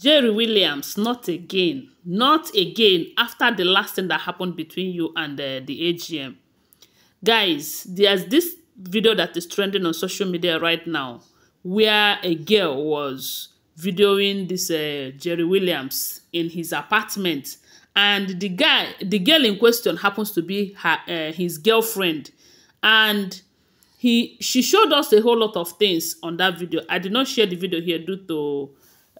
Jerry Williams, not again. Not again after the last thing that happened between you and uh, the AGM. Guys, there's this video that is trending on social media right now where a girl was videoing this uh, Jerry Williams in his apartment and the guy the girl in question happens to be her uh, his girlfriend and he she showed us a whole lot of things on that video i did not share the video here due to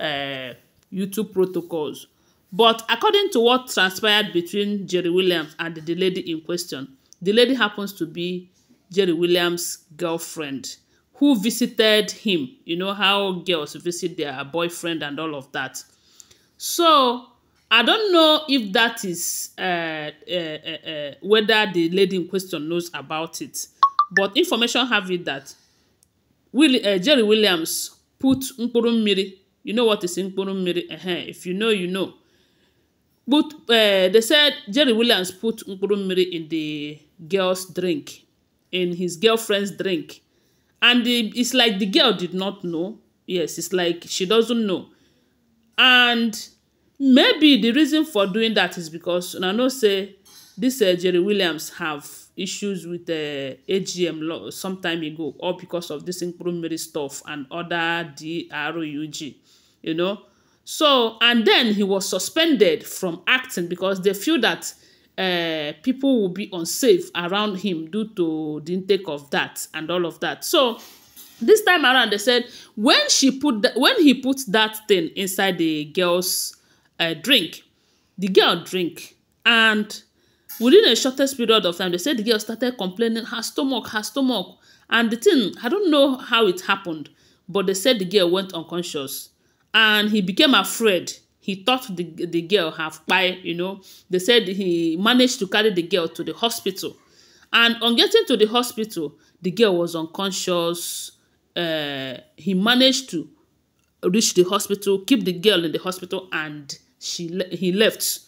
uh, YouTube protocols. But according to what transpired between Jerry Williams and the lady in question, the lady happens to be Jerry Williams' girlfriend who visited him. You know how girls visit their boyfriend and all of that. So I don't know if that is uh, uh, uh, uh whether the lady in question knows about it, but information have it that Will, uh, Jerry Williams put mkpụrụ mmiri You know what is mkpụrụ mmiri? Uh-huh. If you know, you know. Put, uh, eh, they said Jerry Williams put mkpụrụ mmiri in the girl's drink, in his girlfriend's drink. And the, it's like the girl did not know. Yes, it's like she doesn't know. And maybe the reason for doing that is because, and I know say, this uh, Jerry Williams have issues with the uh, AGM law some time ago, all because of this Mary stuff and other DRUG you know. So, and then he was suspended from acting because they feel that uh, people will be unsafe around him due to the intake of that and all of that. So, this time around, they said when she put that, when he put that thing inside the girl's uh, drink, the girl drink, and within a shortest period of time, they said the girl started complaining her stomach, her stomach, and the thing I don't know how it happened, but they said the girl went unconscious and he became afraid he thought the, the girl have pie you know they said he managed to carry the girl to the hospital and on getting to the hospital the girl was unconscious uh, he managed to reach the hospital keep the girl in the hospital and she he left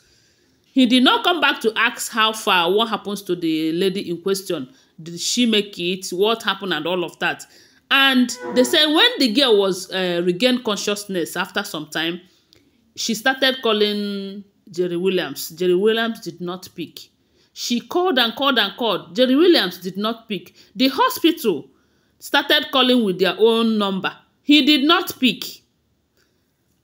he did not come back to ask how far what happens to the lady in question did she make it what happened and all of that And they said when the girl was uh, regained consciousness after some time, she started calling Jerry Williams. Jerry Williams did not pick. She called and called and called. Jerry Williams did not pick. The hospital started calling with their own number. He did not pick.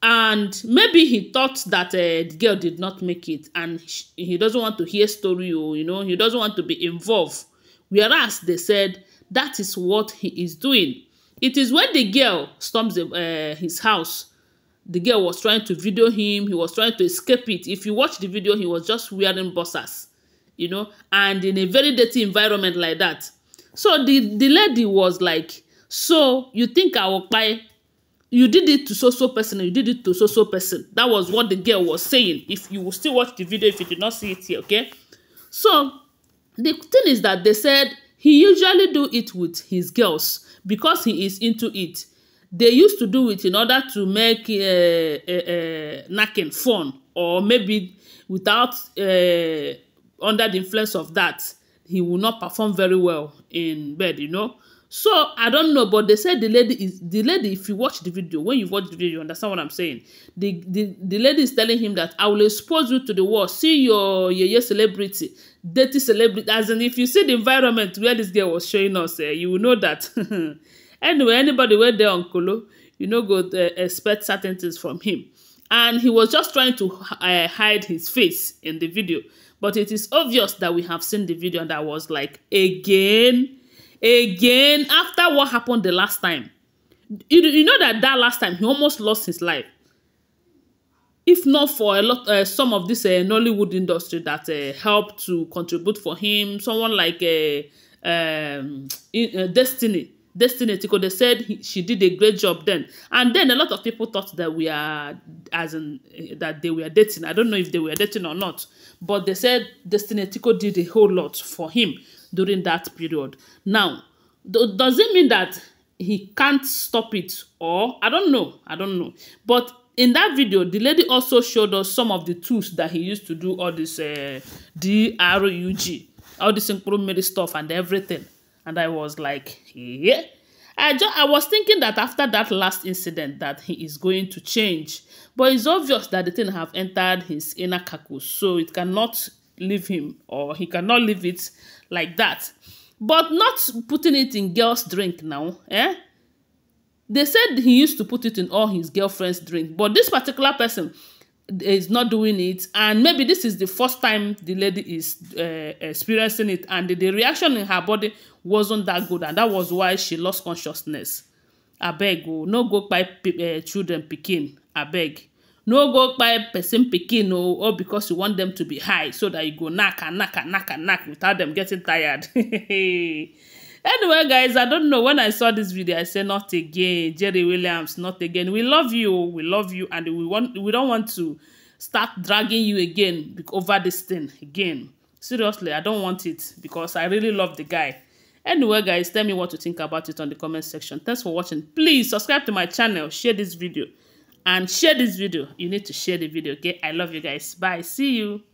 And maybe he thought that uh, the girl did not make it and he doesn't want to hear story or, oh, you know, he doesn't want to be involved. Whereas they said That is what he is doing. It is when the girl storms the, uh, his house. The girl was trying to video him. He was trying to escape it. If you watch the video, he was just wearing boxers, you know, and in a very dirty environment like that. So the, the lady was like, so you think I will buy? You did it to so-so person. You did it to so-so person. That was what the girl was saying. If you will still watch the video, if you did not see it here, okay? So the thing is that they said He usually do it with his girls because he is into it. They used to do it in order to make uh, uh, uh, knacking fun or maybe without uh, under the influence of that, he will not perform very well in bed, you know. So I don't know, but they said the lady is the lady. If you watch the video, when you watch the video, you understand what I'm saying. The the, the lady is telling him that I will expose you to the world. See your your, your celebrity, dirty celebrity. As in, if you see the environment where this girl was showing us, eh, you will know that. anyway, anybody where there on Kolo, you know, go uh, expect certain things from him. And he was just trying to uh, hide his face in the video. But it is obvious that we have seen the video and I was like, again again after what happened the last time you, you know that that last time he almost lost his life if not for a lot uh, some of this uh, Nollywood industry that uh, helped to contribute for him someone like uh, um, in, uh, Destiny Destiny Etiko they said he, she did a great job then and then a lot of people thought that we are as in uh, that they were dating I don't know if they were dating or not but they said Destiny Etiko did a whole lot for him during that period. Now, th does it mean that he can't stop it or I don't know, I don't know. But in that video, the lady also showed us some of the tools that he used to do all this uh, D-R-U-G, all this improvement stuff and everything. And I was like, yeah. I, just, I was thinking that after that last incident that he is going to change. But it's obvious that the thing have entered his inner carcass, so it cannot leave him or he cannot leave it like that but not putting it in girls drink now eh they said he used to put it in all his girlfriends drink but this particular person is not doing it and maybe this is the first time the lady is uh, experiencing it and the, the reaction in her body wasn't that good and that was why she lost consciousness abeg o oh, no go by uh, eh, children I beg no go kpai person pikin o all because you want them to be high so that you go knack and knack and knack and knack without them getting tired anyway guys i don't know when i saw this video i say not again jerry williams not again we love you we love you and we want we don't want to start dragging you again over this thing again seriously i don't want it because i really love the guy Anyway, guys, tell me what you think about it on the comment section. Thanks for watching. Please subscribe to my channel, share this video and share this video you need to share the video okay i love you guys bye see you